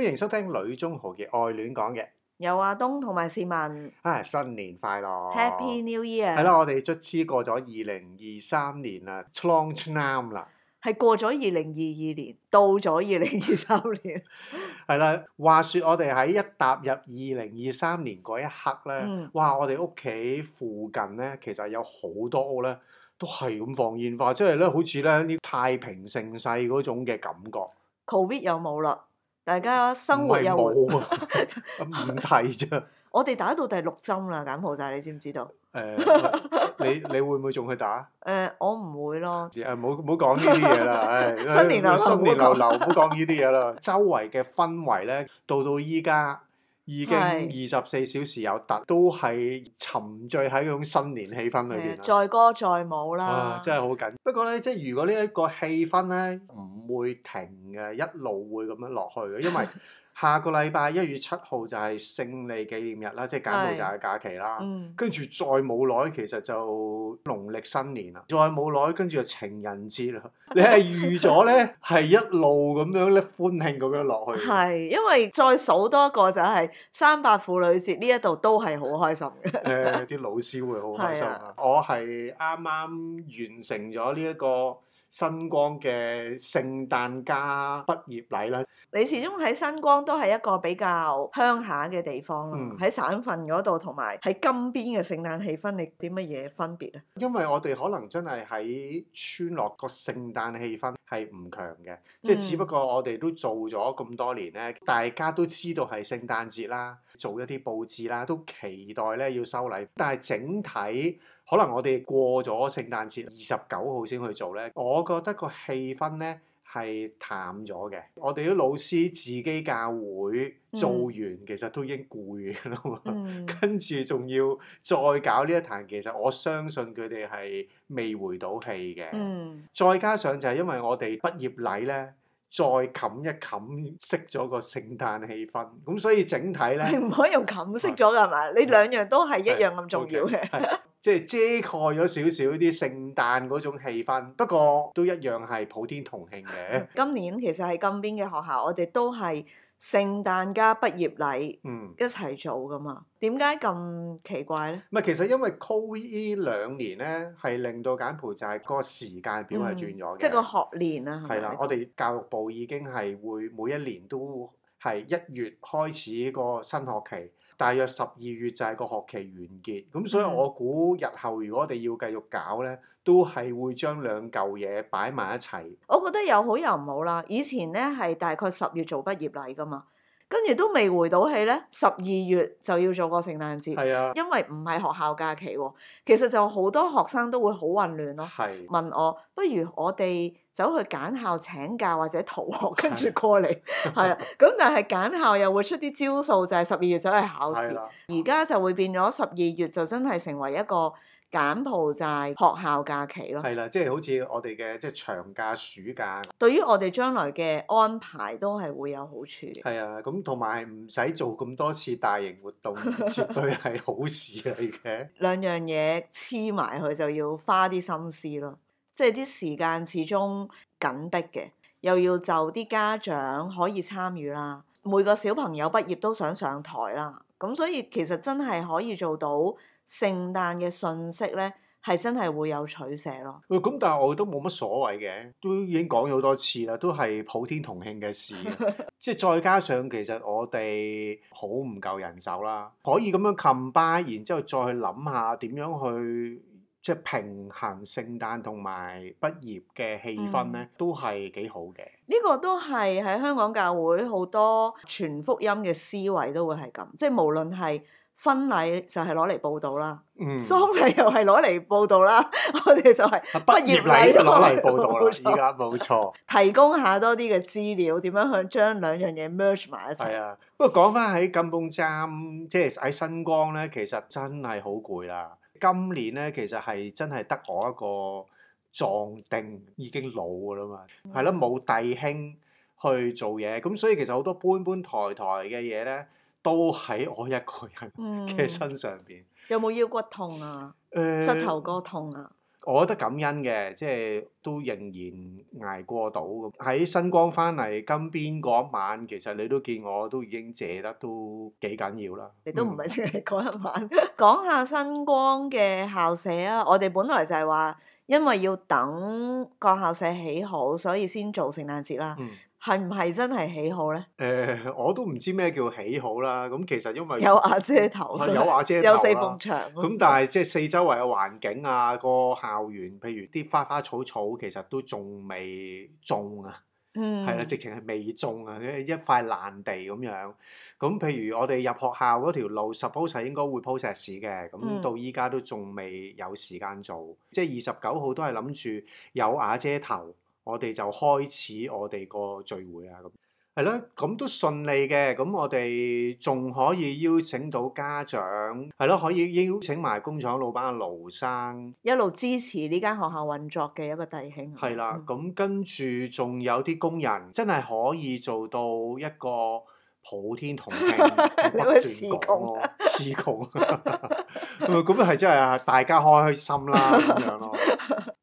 歡迎收聽《女中豪嘅愛戀》講嘅，有阿東同埋市民。啊，新年快樂！Happy New Year！係啦，我哋卒之過咗二零二三年啦，trong term 啦，係過咗二零二二年，到咗二零二三年。係啦， 話說我哋喺一踏入二零二三年嗰一刻咧，嗯、哇！我哋屋企附近咧，其實有好多屋咧，都係咁放煙花，即係咧，好似咧呢太平盛世嗰種嘅感覺。Covid 有冇啦。大家生活又唔提咋？ 我哋打到第六針啦，柬埔寨你知唔知道？誒 呃，你你會唔會仲去打？誒、呃，我唔會咯。誒，唔好唔好講呢啲嘢啦。啊哎、 新年流，流、哎、新年流流，唔好講呢啲嘢啦。 周圍嘅氛圍咧，到到依家，已經二十四小時有突，都係沉醉喺嗰種新年氣氛裏邊啦，載歌載舞啦，真係好緊。不過呢，即係如果呢一個氣氛呢唔會停嘅，一路會咁樣落去嘅，因為。下個禮拜一月七號就係勝利紀念日啦，即係柬埔寨就係假期啦。嗯、跟住再冇耐，其實就農曆新年啦。再冇耐，跟住就情人節啦。你係預咗呢，係 一路咁樣咧，歡慶咁樣落去。係，因為再數多一個就係三八婦女節呢一度都係好開心嘅。誒、 呃，啲老師會好開心 啊！我係啱啱完成咗呢一個。新光嘅聖誕加畢業禮啦，你始終喺新光都係一個比較鄉下嘅地方啦，喺、嗯、省份嗰度同埋喺金邊嘅聖誕氣氛，你啲乜嘢分別咧？因為我哋可能真係喺村落個聖誕氣氛係唔強嘅，嗯、即係只不過我哋都做咗咁多年咧，大家都知道係聖誕節啦，做一啲佈置啦，都期待咧要收禮，但係整體。可能我哋過咗聖誕節二十九號先去做呢。我覺得個氣氛呢係淡咗嘅。我哋啲老師自己教會做完，嗯、其實都已經攰啦嘛，嗯、跟住仲要再搞呢一壇，其實我相信佢哋係未回到氣嘅。嗯、再加上就係因為我哋畢業禮呢，再冚一冚，熄咗個聖誕氣氛，咁所以整體呢，唔可以用冚熄咗㗎嘛？是你兩樣都係一樣咁重要嘅。即係遮蓋咗少少啲聖誕嗰種氣氛，不過都一樣係普天同慶嘅。今年其實係金邊嘅學校，我哋都係聖誕加畢業禮，嗯，一齊做噶嘛？點解咁奇怪呢？唔係，其實因為 COVID 呢兩年呢，係令到柬埔寨就係個時間表係轉咗嘅。即係、嗯就係、個學年係係啊，係咪？係啦，我哋教育部已經係會每一年都係一月開始個新學期。大約十二月就係個學期完結，咁所以我估日後如果我哋要繼續搞咧，都係會將兩嚿嘢擺埋一齊。我覺得有好有唔好啦。以前咧係大概十月做畢業禮㗎嘛，跟住都未回到氣咧，十二月就要做個聖誕節，係啊，因為唔係學校假期喎。其實就好多學生都會好混亂咯。的問我不如我哋。走去揀校請假或者逃學，跟住過嚟，係啊的。咁 但係揀校又會出啲招數，就係十二月走去考試。而家的就會變咗十二月，就真係成為一個柬埔寨學校假期咯。係啦，即、就、係、是、好似我哋嘅即係長假暑假，對於我哋將來嘅安排都係會有好處嘅。係啊，咁同埋唔使做咁多次大型活動， 絕對係好事嚟嘅。兩樣嘢黐埋佢就要花啲心思咯。即係啲時間始終緊迫嘅，又要就啲家長可以參與啦。每個小朋友畢業都想上台啦，咁所以其實真係可以做到聖誕嘅訊息咧，係真係會有取捨咯。喂，咁但係我都冇乜所謂嘅，都已經講咗好多次啦，都係普天同慶嘅事。 即係再加上其實我哋好唔夠人手啦，可以咁樣 combine，然之後再去諗下點樣去。即係平衡聖誕同埋畢業嘅氣氛咧，嗯、都係幾好嘅。呢個都係喺香港教會好多全福音嘅思維都會係咁，即、就、係、係、無論係婚禮就係攞嚟報道啦，喪禮、嗯、又係攞嚟報道啦，嗯、 我哋就係畢業禮攞嚟報道啦，而家冇錯，錯錯提供下多啲嘅資料，點樣去將兩樣嘢 merge 埋一齊。啊，不過講翻喺金鳳站，即係喺新光咧、就是，其實真係好攰啦。今年咧，其實係真係得我一個壯丁，已經老㗎啦嘛，係咯、嗯，冇弟兄去做嘢，咁所以其實好多搬搬抬抬嘅嘢咧，都喺我一個人嘅身上邊、嗯。有冇腰骨痛啊？嗯、膝頭哥痛啊？嗯我覺得感恩嘅，即係都仍然捱過到。喺新光翻嚟金邊嗰晚，其實你都見我都已經借得都幾緊要啦。你都唔係淨係講一晚， 講下新光嘅校舍啊！我哋本來就係話，因為要等個校舍起好，所以先做聖誕節啦、啊。嗯係唔係真係起好咧？誒、呃，我都唔知咩叫起好啦。咁、嗯、其實因為有瓦遮頭，有瓦遮頭啦，有四幅牆。咁但係即係四周圍嘅環境啊，個校園，譬如啲花花草草，其實都仲未種啊。嗯，係啦、啊，直情係未種啊，一塊爛地咁樣。咁譬如我哋入學校嗰條路，suppose、嗯、係應，應該會鋪石屎嘅，咁到依家都仲未有時間做。嗯、即係二十九號都係諗住有瓦遮頭。我哋就開始我哋個聚會啊，咁係咯，咁都順利嘅。咁我哋仲可以邀請到家長，係咯，可以邀請埋工廠老闆阿盧生，一路支持呢間學校運作嘅一個弟兄。係啦的，咁、嗯、跟住仲有啲工人真係可以做到一個。普天同慶，不斷講咯，詞窮，咁啊自窮，係真係大家開開心啦咁樣咯。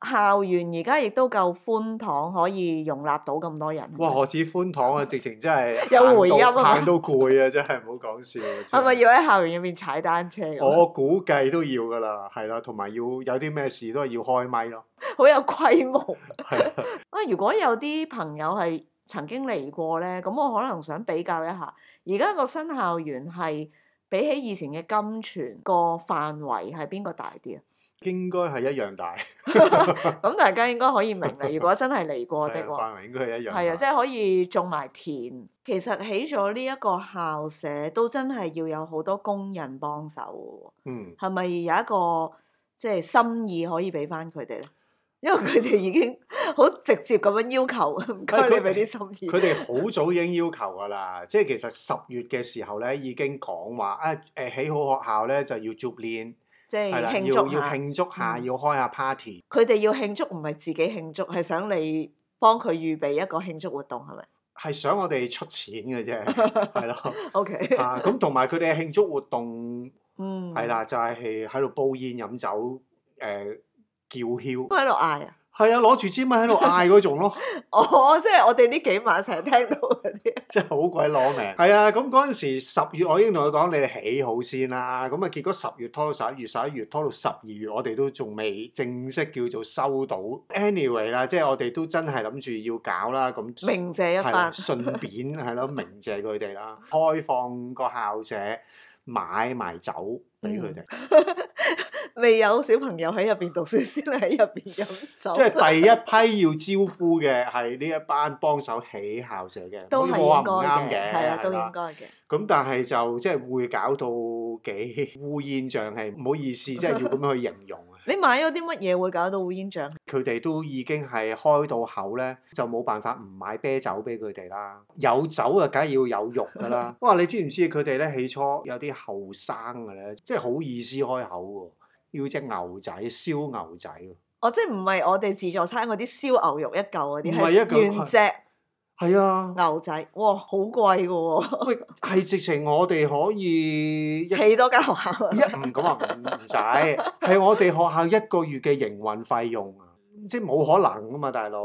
校園而家亦都夠寬敞，可以容納到咁多人。哇！何止寬敞啊， 直情真係有回音啊，行都攰啊！真係唔好講笑。係咪要喺校園入面踩單車？我估計都要噶啦，係啦，同埋要有啲咩事都係要開咪咯、啊。好有規模。啊， 如果有啲朋友係。曾經嚟過呢，咁我可能想比較一下，而家個新校園係比起以前嘅金泉個範圍係邊個大啲啊？應該係一樣大。咁 大家應該可以明啦。如果真係嚟過的話，範圍、嗯、應該係一樣大。係啊，即係可以種埋田。其實起咗呢一個校舍，都真係要有好多工人幫手嘅喎。嗯，係咪有一個即係、即係、心意可以俾翻佢哋呢？因為佢哋已經好直接咁樣要求，唔該你俾啲心意。佢哋好早已經要求噶啦，即係其實十月嘅時候咧，已經講話啊，誒、啊，起好學校咧就要 join，即係要慶祝下，的要慶祝下，嗯、要開下 party。佢哋要慶祝唔係自己慶祝，係想你幫佢預備一個慶祝活動，係咪？係想我哋出錢嘅啫，係咯。OK，啊，咁同埋佢哋嘅慶祝活動，就是、嗯，係啦，就係係喺度煲煙飲酒，誒。叫囂喺度嗌啊！係啊，攞住支咪喺度嗌嗰種咯。哦， oh, 即係我哋呢幾晚成日聽到嗰啲。即係好鬼攞命。係啊，咁嗰陣時十月我已經同佢講，你哋起好先啦。咁、嗯、啊， 結果十月拖到十一月，十一月拖到十二月，我哋都仲未正式叫做收到 anyway 啦。即係我哋都真係諗住要搞啦。咁鳴謝一百，順、啊、便係咯，鳴謝佢哋啦，開放個校舍。買埋酒俾佢哋，嗯、 未有小朋友喺入邊讀書，先喺入邊飲酒。即係第一批要招呼嘅係呢一班幫手起校舍嘅，都冇話唔啱嘅，係啊，吧都應該嘅。咁但係就即係會搞到幾烏煙瘴氣，唔好意思，即係要咁樣去形容 你買咗啲乜嘢會搞到烏煙瘴氣？佢哋都已經係開到口咧，就冇辦法唔買啤酒俾佢哋啦。有酒啊，梗係要有肉噶啦。 哇！你知唔知佢哋咧，起初有啲後生嘅咧，即係好意思開口喎，要隻牛仔燒牛仔喎。哦，即係唔係我哋自助餐嗰啲燒牛肉一嚿嗰啲，係一隻。係啊，牛仔，哇，好貴嘅喎，哦。喂，係直情我哋可以，起多間學校？啊，一，唔咁啊，唔使，係 我哋學校一個月嘅營運費用。即係冇可能噶嘛，大佬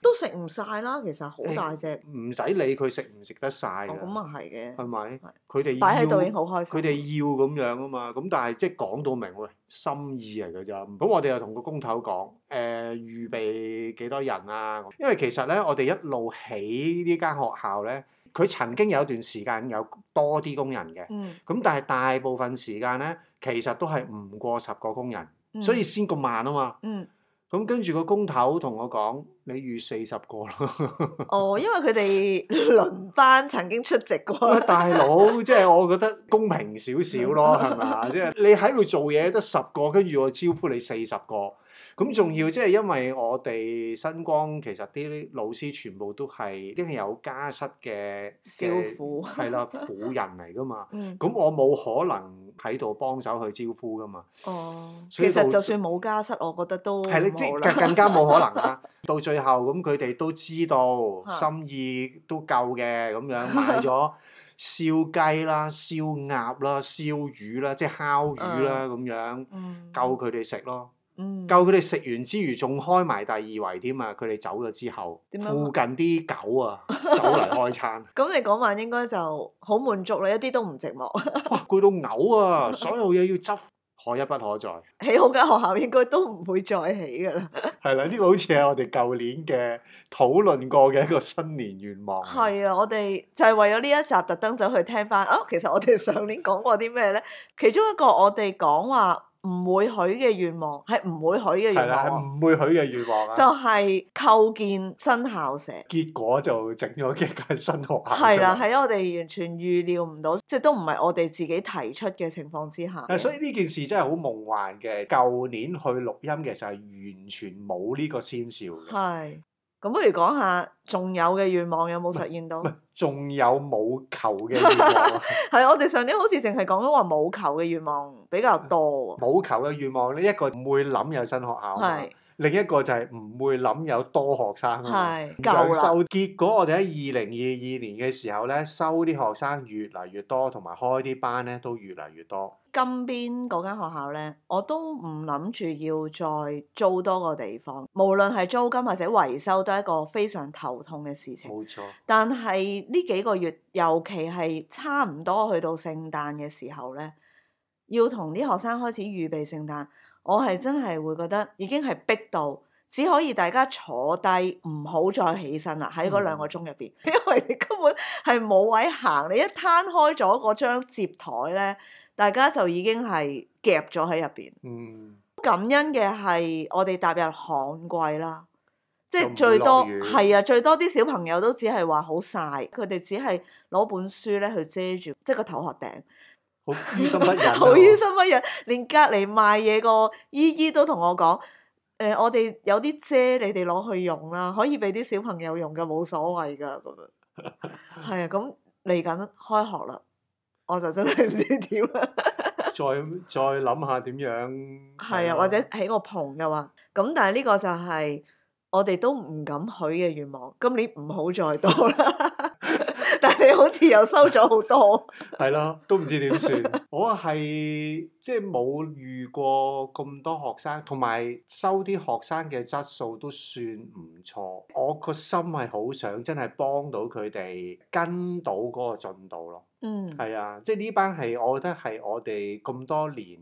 都食唔晒啦。其實好大隻，唔使、欸、理佢食唔食得晒。哦，咁啊係嘅，係咪？佢哋要、擺喺度已經好開心。佢哋要咁樣啊嘛。咁但係即係講到明，喂，心意嚟嘅咋。咁我哋又同個工頭講，誒、呃，預備幾多人啊？因為其實咧，我哋一路起呢間學校咧，佢曾經有一段時間有多啲工人嘅。嗯。咁但係大部分時間咧，其實都係唔過十個工人，嗯、所以先咁慢啊嘛。嗯。咁跟住個工頭同我講：你預四十個咯。 哦，因為佢哋輪班曾經出席過。 大佬，即係我覺得公平少少咯，係咪啊？即係你喺度做嘢得十個，跟住我招呼你四十個。咁仲要，即係因為我哋新光其實啲老師全部都係一定有家室嘅，招呼係啦，婦人嚟噶嘛。咁、嗯、我冇可能喺度幫手去招呼噶嘛。哦、嗯，其實就算冇家室，我覺得都係咧，即更加冇可能啦。 到最後，咁佢哋都知道心意都夠嘅，咁樣買咗燒雞啦、燒啦、燒鴨啦、燒魚啦，即係烤魚啦，咁、嗯嗯、樣夠佢哋食咯、嗯。夠佢哋食完之餘，仲開埋第二圍添啊！佢哋走咗之後，附近啲狗啊，走嚟開餐。咁、 嗯、你嗰晚應該就好滿足啦，一啲都唔寂寞。 哇！攰到嘔啊！所有嘢要執， 可一不可再。起好間學校應該都唔會再起噶啦。係 啦，呢個好似係我哋舊年嘅討論過嘅一個新年願望。係啊， 我哋就係為咗呢一集特登走去聽翻。啊、哦，其實我哋上年講過啲咩呢？其中一個我哋講話。 唔會許嘅願望，係唔會許嘅願望。係啦，係唔會許嘅願望啊！就係構建新校舍，結果就整咗幾間新學校。係啦，喺我哋完全預料唔到，即係都唔係我哋自己提出嘅情況之下。係，所以呢件事真係好夢幻嘅。舊年去錄音嘅就係完全冇呢個先兆嘅。係。咁不如講下仲有嘅願望有冇實現到？仲有冇求嘅願望係， 我哋上年好似淨係講咗話冇求嘅願望比較多。冇求嘅願望咧，一個唔會諗有新學校。另一個就係唔會諗有多學生啊，夠啦。結果我哋喺二零二二年嘅時候呢，收啲學生越嚟越多，同埋開啲班呢都越嚟越多。金邊嗰間學校呢，我都唔諗住要再租多個地方，無論係租金或者維修都係一個非常頭痛嘅事情。冇錯錯。但係呢幾個月，尤其係差唔多去到聖誕嘅時候呢，要同啲學生開始預備聖誕。我係真係會覺得已經係逼到，只可以大家坐低，唔好再起身啦。喺嗰兩個鐘入邊，嗯、因為你根本係冇位行。你一攤開咗嗰張折台咧，大家就已經係夾咗喺入邊。嗯，感恩嘅係我哋踏入旱季啦，即係最多係啊，最多啲小朋友都只係話好曬，佢哋只係攞本書咧去遮住，即係個頭殼頂。好於心不忍，好於心不忍，連隔離賣嘢個姨姨都同我講：誒、呃，我哋有啲遮你哋攞去用啦，可以俾啲小朋友用嘅，冇所謂噶咁樣。係啊， 咁嚟緊開學啦，我就真係唔知點啦 再再諗下點樣？係啊的，uh, 或者起個棚嘅話，咁但係呢個就係我哋都唔敢許嘅願望，今年唔好再多啦。 你好似又收咗好多，係咯，都唔知點算。我係即係冇遇過咁多學生，同埋收啲學生嘅質素都算唔錯。我個心係好想真係幫到佢哋跟到嗰個進度咯。嗯，係啊，即係呢班係，我覺得係我哋咁多年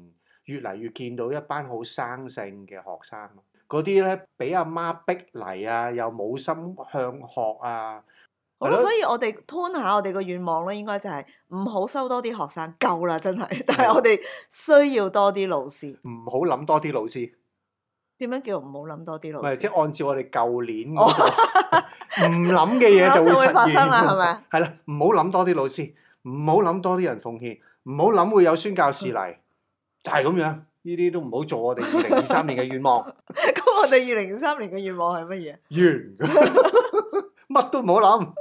越嚟越見到一班好生性嘅學生咯，嗰啲咧俾阿媽逼嚟啊？又冇心向學啊。咁所以我哋 turn 下我哋個願望咧，應該就係唔好收多啲學生，夠啦，真係。但係我哋需要多啲老師，唔好諗多啲老師。點樣叫唔好諗多啲老師？唔係即係按照我哋舊年嗰個，唔諗嘅嘢就會發生啦，係咪？係啦，唔好諗多啲老師，唔好諗多啲人奉獻，唔好諗會有宣教士嚟，就係咁樣。呢啲都唔好做我哋二零二三年嘅願望。咁我哋二零二三年嘅願望係乜嘢？完，乜都唔好諗。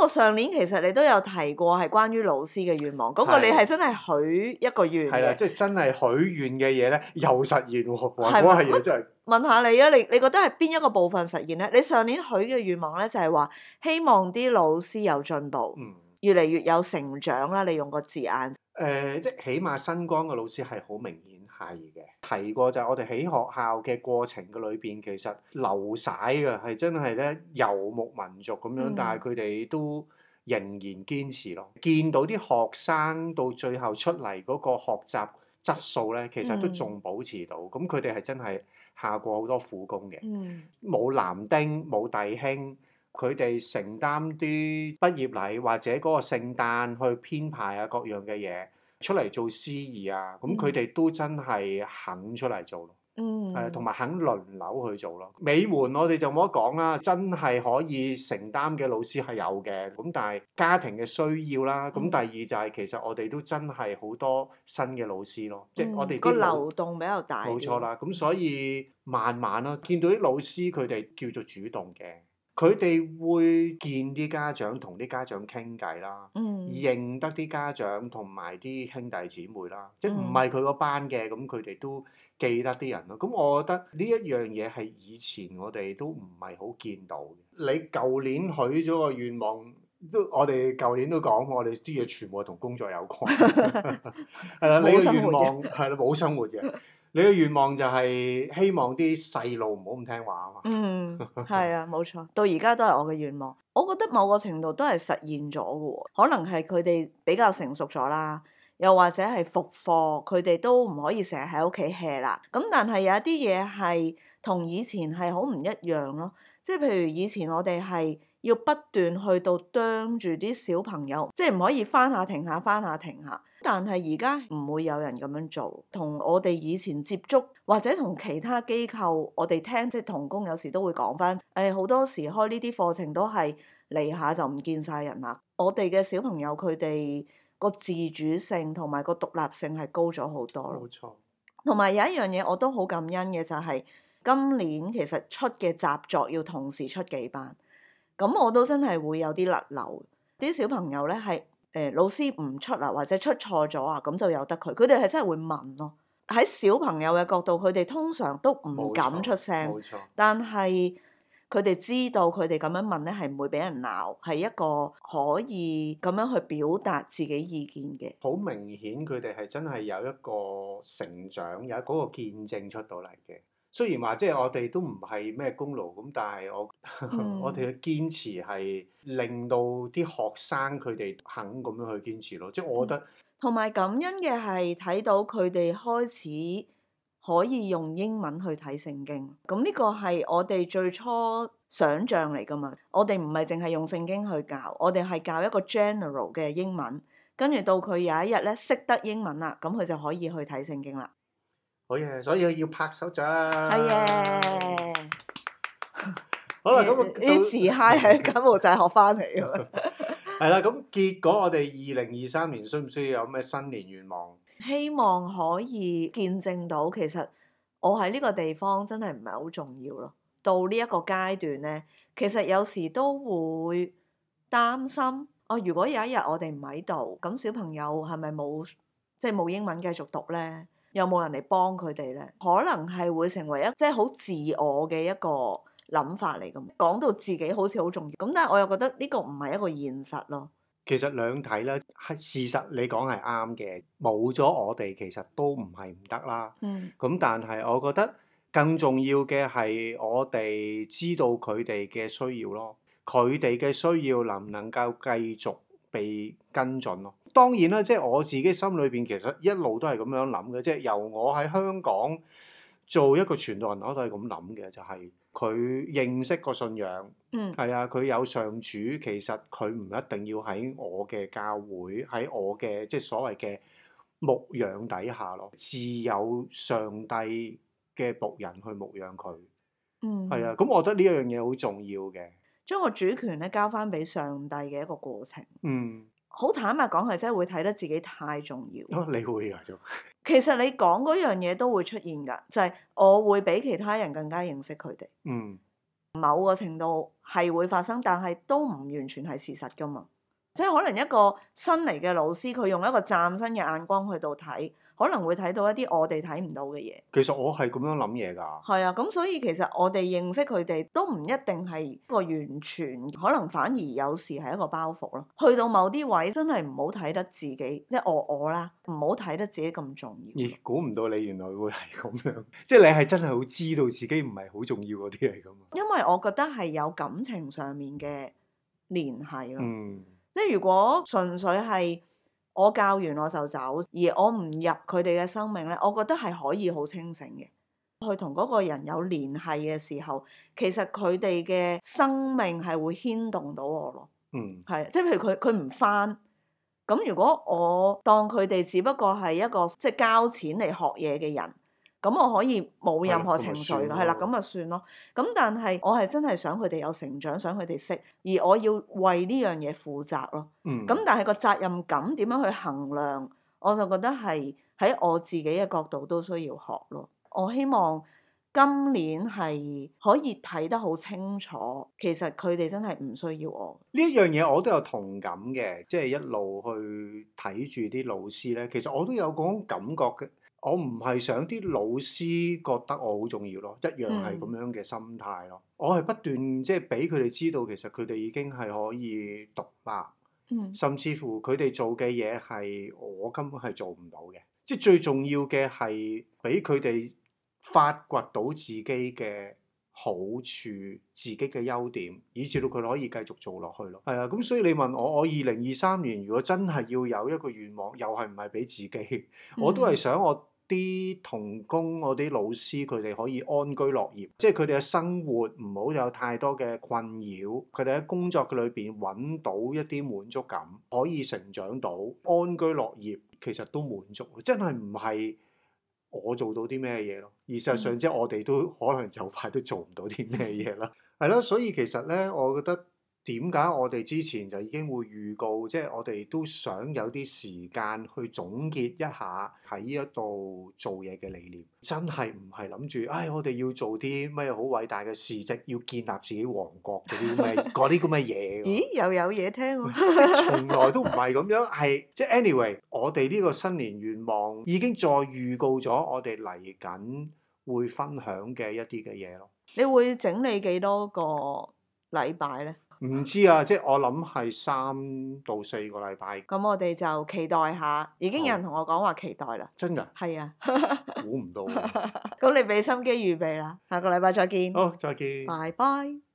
個上年其實你都有提過，係關於老師嘅願望，嗰個你係真係許一個願嘅。係啦，即係真係許願嘅嘢咧又實現喎，關係嘅真係。問下你啊，你你覺得係邊一個部分實現咧？你上年許嘅願望咧就係話希望啲老師有進步，越嚟越有成長啦。你用個字眼，誒，即係起碼新光嘅老師係好明顯。係嘅，提過就係我哋喺學校嘅過程嘅裏邊，其實流徙嘅係真係咧遊牧民族咁樣，嗯、但係佢哋都仍然堅持咯。見到啲學生到最後出嚟嗰個學習質素咧，其實都仲保持到。咁佢哋係真係下過好多苦功嘅，冇、嗯、男丁，冇弟兄，佢哋承擔啲畢業禮或者嗰個聖誕去編排啊各樣嘅嘢。出嚟做司儀啊！咁佢哋都真係肯出嚟做咯，誒、嗯，同埋肯輪流去做咯。尾門我哋就冇得講啦，真係可以承擔嘅老師係有嘅。咁但係家庭嘅需要啦。咁第二就係其實我哋都真係好多新嘅老師咯，即係、嗯、我哋個、嗯、流動比較大。冇錯啦，咁所以慢慢咯、啊，見到啲老師佢哋叫做主動嘅。佢哋會見啲家長，同啲家長傾偈啦，嗯、認得啲家長同埋啲兄弟姊妹啦，即係唔係佢嗰班嘅咁，佢哋、嗯、都記得啲人咯。咁我覺得呢一樣嘢係以前我哋都唔係好見到嘅。你舊年許咗個願望，都我哋舊年都講，我哋啲嘢全部係同工作有關。係啦 你嘅願望係啦，冇生活嘅。 你嘅願望就係希望啲細路唔好咁聽話啊嘛，嗯，係 啊，冇錯，到而家都係我嘅願望。我覺得某個程度都係實現咗嘅喎，可能係佢哋比較成熟咗啦，又或者係復課，佢哋都唔可以成日喺屋企 hea 啦。咁但係有一啲嘢係同以前係好唔一樣咯，即係譬如以前我哋係要不斷去到啄住啲小朋友，即係唔可以翻下停下，翻下停下。但係而家唔會有人咁樣做，同我哋以前接觸或者同其他機構我，我哋聽即係同工有時都會講翻，誒、哎、好多時開呢啲課程都係嚟，下就唔見晒人啦。我哋嘅小朋友佢哋個自主性同埋個獨立性係高咗好多咯。同埋冇錯，有一樣嘢我都好感恩嘅就係、是、今年其實出嘅習作要同時出幾版，咁我都真係會有啲甩漏啲小朋友咧係。誒、哎，老師唔出啦，或者出錯咗啊，咁就由得佢。佢哋係真係會問咯。喺小朋友嘅角度，佢哋通常都唔敢出聲。冇錯，但係佢哋知道佢哋咁樣問呢，係唔會俾人鬧，係一個可以咁樣去表達自己意見嘅。好明顯，佢哋係真係有一個成長，有嗰個見證出到嚟嘅。雖然話即係我哋都唔係咩功勞咁，但係我、嗯、 我哋嘅堅持係令到啲學生佢哋肯咁樣去堅持咯。即係我覺得同埋、嗯、感恩嘅係睇到佢哋開始可以用英文去睇聖經。咁呢個係我哋最初想像嚟噶嘛。我哋唔係淨係用聖經去教，我哋係教一個 general 嘅英文，跟住到佢有一日咧識得英文啦，咁佢就可以去睇聖經啦。所以，所以要拍手掌？係啊！好啦，咁啲自嗨喺金毛仔學翻嚟喎。係啦，咁結果我哋二零二三年需唔需要有咩新年願望？希望可以見證到，其實我喺呢個地方真係唔係好重要咯。到呢一個階段咧，其實有時都會擔心，哦，如果有一日我哋唔喺度，咁小朋友係咪冇即係冇英文繼續讀咧？有冇人嚟幫佢哋咧？可能係會成為一即係好自我嘅一個諗法嚟嘅，講到自己好似好重要。咁但係我又覺得呢個唔係一個現實咯。其實兩睇啦，係事實你講係啱嘅，冇咗我哋其實都唔係唔得啦。嗯。咁但係我覺得更重要嘅係我哋知道佢哋嘅需要咯，佢哋嘅需要能唔能夠繼續？被跟進咯。當然啦，即係我自己心裏邊其實一路都係咁樣諗嘅，即係由我喺香港做一個傳道人，我都係咁諗嘅，就係、是、佢認識個信仰，嗯，係啊，佢有上主，其實佢唔一定要喺我嘅教會，喺我嘅即係所謂嘅牧養底下咯，自有上帝嘅僕人去牧養佢，嗯，係啊，咁我覺得呢一樣嘢好重要嘅。將個主權咧交翻俾上帝嘅一個過程，嗯，好坦白講，係、就、真、是、會睇得自己太重要。哦、你會噶、啊？嗯、其實你講嗰樣嘢都會出現噶，就係、是、我會比其他人更加認識佢哋。嗯，某個程度係會發生，但係都唔完全係事實噶嘛。即、就、係、是、可能一個新嚟嘅老師，佢用一個嶄新嘅眼光去到睇。可能會睇到一啲我哋睇唔到嘅嘢。其實我係咁樣諗嘢㗎。係啊，咁所以其實我哋認識佢哋都唔一定係一個完全，可能反而有時係一個包袱咯。去到某啲位真係唔好睇得自己，即係我我啦，唔好睇得自己咁重要。亦估唔到你原來會係咁樣，即係你係真係好知道自己唔係好重要嗰啲嚟咁啊。因為我覺得係有感情上面嘅聯繫咯。嗯，即係如果純粹係。我教完我就走，而我唔入佢哋嘅生命咧，我覺得係可以好清醒嘅，去同嗰個人有聯繫嘅時候，其實佢哋嘅生命係會牽動到我咯。嗯，係，即係譬如佢佢唔翻，咁如果我當佢哋只不過係一個即係交錢嚟學嘢嘅人。咁我可以冇任何情緒嘅，係啦，咁咪算咯。咁但係我係真係想佢哋有成長，想佢哋識，而我要為呢樣嘢負責咯。咁，嗯，但係個責任感點樣去衡量，我就覺得係喺我自己嘅角度都需要學咯。我希望今年係可以睇得好清楚，其實佢哋真係唔需要我呢一樣嘢，我都有同感嘅，即係一路去睇住啲老師咧，其實我都有嗰種感覺嘅。我唔係想啲老師覺得我好重要咯，一樣係咁樣嘅心態咯。嗯、我係不斷即係俾佢哋知道，其實佢哋已經係可以獨立，嗯、甚至乎佢哋做嘅嘢係我根本係做唔到嘅。即係最重要嘅係俾佢哋發掘到自己嘅好處、自己嘅優點，以至到佢可以繼續做落去咯。係啊，咁所以你問我，我二零二三年如果真係要有一個願望，又係唔係俾自己？我都係想我。啲同工嗰啲老師，佢哋可以安居樂業，即係佢哋嘅生活唔好有太多嘅困擾，佢哋喺工作嘅裏邊揾到一啲滿足感，可以成長到安居樂業，其實都滿足。真係唔係我做到啲咩嘢咯？而事實上，即係我哋都可能就快都做唔到啲咩嘢啦。係啦，所以其實咧，我覺得。點解我哋之前就已經會預告？即係我哋都想有啲時間去總結一下喺呢一度做嘢嘅理念。真係唔係諗住，唉，我哋要做啲咩好偉大嘅事蹟，要建立自己王國嗰啲咩？嗰啲咁嘅嘢？ 咦？又有嘢聽喎！ 即係從來都唔係咁樣，係即係 anyway，我哋呢個新年願望已經再預告咗，我哋嚟緊會分享嘅一啲嘅嘢咯。你會整理幾多個禮拜呢？唔知啊，即係我諗係三到四個禮拜。咁我哋就期待下，已經有人同我講話期待啦、哦。真㗎？係啊，估唔 到、啊。咁 你俾心機預備啦，下個禮拜再見。好、哦，再見。拜拜。